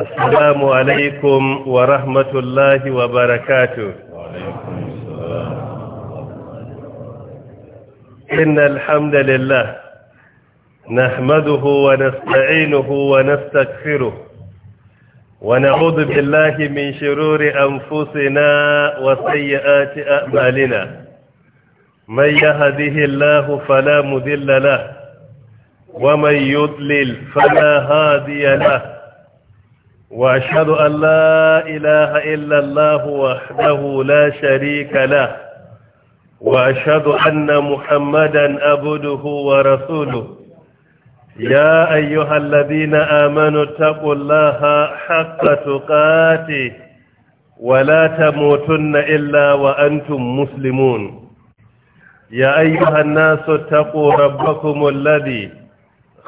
السلام عليكم ورحمة الله وبركاته إن الحمد لله نحمده ونستعينه ونستغفره ونعوذ بالله من شرور أنفسنا وسيئات أعمالنا من يهده الله فلا مذل له ومن يضلل فلا هادي له وأشهد أن لا إله إلا الله وحده لا شريك له وأشهد أن محمدا أبده ورسوله يا أيها الذين آمنوا اتقوا الله حق تقاته ولا تموتن إلا وأنتم مسلمون يا أيها الناس اتقوا ربكم الذي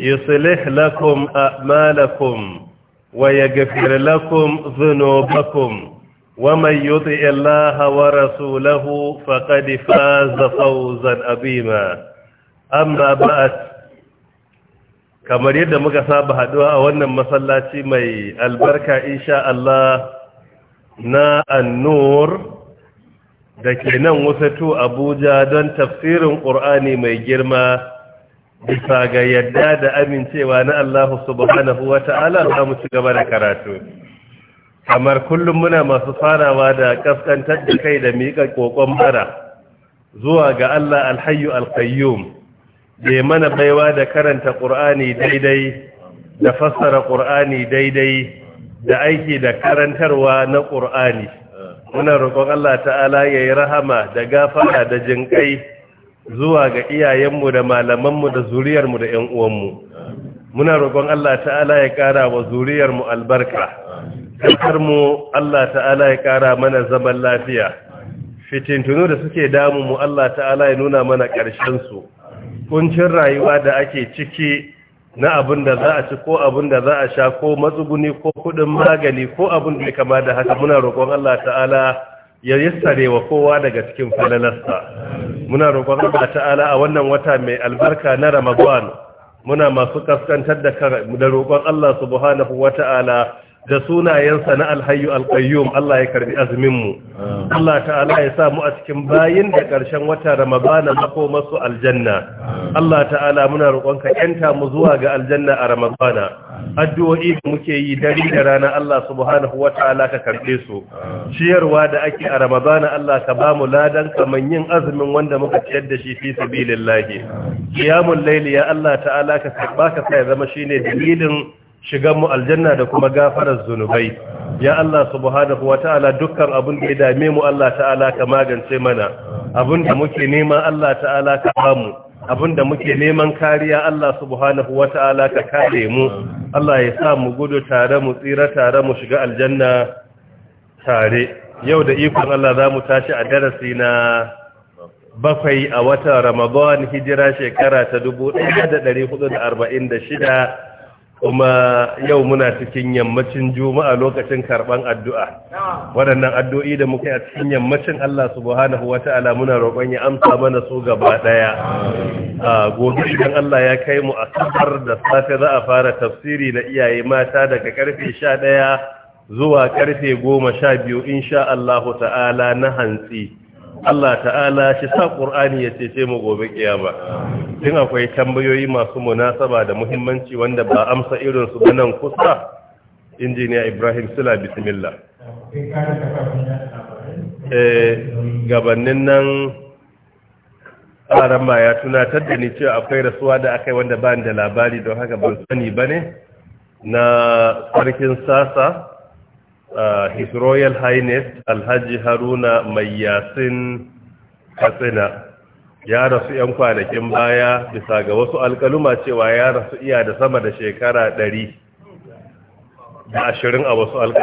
يصلح لكم أعمالكم ويغفر لكم ذنوبكم ومن يطع الله ورسوله فقد فاز فوزا عظيما أما بعد kamar yadda muka saba haduwa a wannan masallaci mai albarka insha Allah na annur da ke nan wasatu Abuja don tafsirin Qur'ani mai girma bisa ga yadda da amincewa na Allah subhanahu wa ta'ala za mu ci gaba da karatu kamar kullum muna masu farawa da kaskantar da kai da miƙa ƙoƙon bara zuwa ga Allah alhayyu alqayyum da mana baiwa da karanta ƙur'ani daidai da fassara ƙur'ani daidai da aiki da karantarwa na ƙur'ani muna roƙon Allah ta'ala yayi yi rahama da gafara da jinƙai zuwa ga iyayenmu da malamanmu da zuriyarmu da ‘yan uwanmu. Muna roƙon Allah ta'ala ya ƙara wa zuriyarmu albarka, mu, Allah ta'ala ya ƙara mana zaman lafiya, fitintunu da suke damunmu Allah ta'ala ya nuna mana ƙarshensu, Ƙuncin rayuwa da ake ciki na abin da za a ci ko abin da za a sha ko matsuguni ko kuɗin magani ko abin da ya kama da haka muna roƙon Allah ta'ala ya yi wa kowa daga cikin falalarsa. muna roƙon Allah ta'ala a wannan wata mai albarka na Ramadan muna masu kaskantar da da roƙon Allah subhanahu wata'ala da sunayensa na alhayu alkayyum Allah ya karbi azuminmu Allah ta'ala ya sa mu a cikin bayin da ƙarshen wata ramadana mako masu aljanna Allah ta'ala muna roƙonka yanta mu zuwa ga aljanna a ramadana addu'o'i da muke yi dare da rana Allah subhanahu wata'ala ka karbe su ciyarwa da ake a ramadana Allah ka ba mu ladan kaman yin azumin wanda muka ciyar da shi fi sabilillah qiyamul layli ya Allah ta'ala ka sabaka ka zama shine dalilin shigan mu aljanna da kuma gafarar zunubai ya Allah subhanahu wa ta'ala dukkan abin da ya dame mu Allah ta'ala ka magance mana abin da muke nema Allah ta'ala ka bamu abin da muke neman kariya Allah subhanahu wa ta'ala ka kare mu Allah ya sa mu gudu tare mu tsira tare mu shiga aljanna tare yau da ikon Allah za mu tashi a darasi na bakwai a watan Ramadan hijira shekara ta 1446 kuma yau muna cikin yammacin juma'a lokacin karban addu'a waɗannan addu'o'i da muka yi a cikin yammacin Allah subhanahu wata'ala muna roƙon ya amsa mana su gaba ɗaya a ah, gobe idan Allah ya kai mu a safar da safe za a fara tafsiri da iyaye mata daga karfe sha ɗaya zuwa karfe goma sha biyu insha Allah ta'ala na hantsi Allah ta'ala shi sa Qur'ani ya cece mu gobe kiyama din akwai tambayoyi masu munasaba da muhimmanci wanda ba amsa irin su nan kusa injiniya Ibrahim Sula bismillah eh gabanin nan aran ba ya tunatar da ni cewa akwai rasuwa da akai wanda ba da labari don haka ban sani bane na sarkin sasa Uh, His Royal Highness Alhaji Haruna Mai Katsina ya rasu 'yan kwanakin baya bisa ga wasu alkaluma cewa ya rasu iya da sama da shekara ɗari da ashirin a wasu alkaluma.